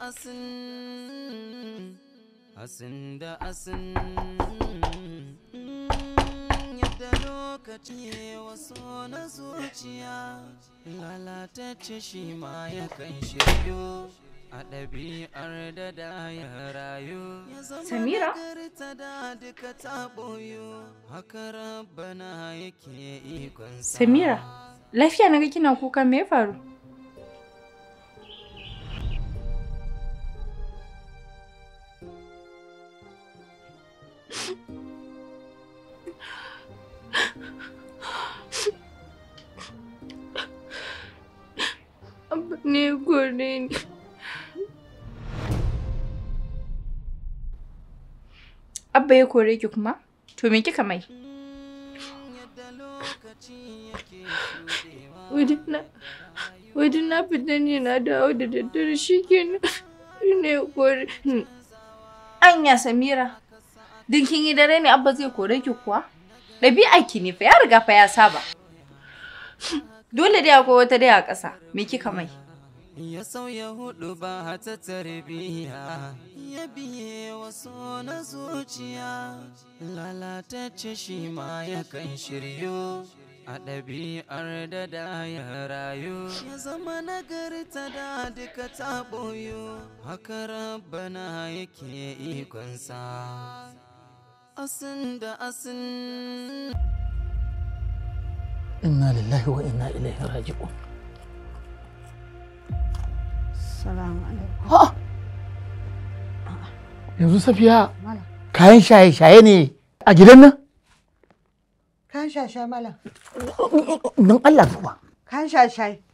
asin asin da asin mm, yadda lokaci waso na zuciya lalatacce shi ma ya kan shirya a ɗabi'ar da da ya rayu samira samira lafiya na kina kuka me faru Abba ne gore Abba ya kore ki kuma? To me kika mai? Wajen na fita ne na dawo da daddare shi kenan. Ne kore. Anya Samira. Din kin yi dare ne abba zai kore ki kuwa? Ɗabi'a ki ne fa ya riga fa ya saba. Dole dai akwai wata dai a ƙasa. Me kika mai? ya sauya hudu ba ta tarbiya ya biye wasu na zuciya lalatacce shi ma ya kan shiryo a ɗabi'ar da da ya rayu ya zama nagarta da duka ta ɓoyo haka rabbana yake ikonsa asin lillahi wa inna ilaihi raji'un yanzu safiya kayan shaye-shaye ne a gidan nan kayan shaye-shaye don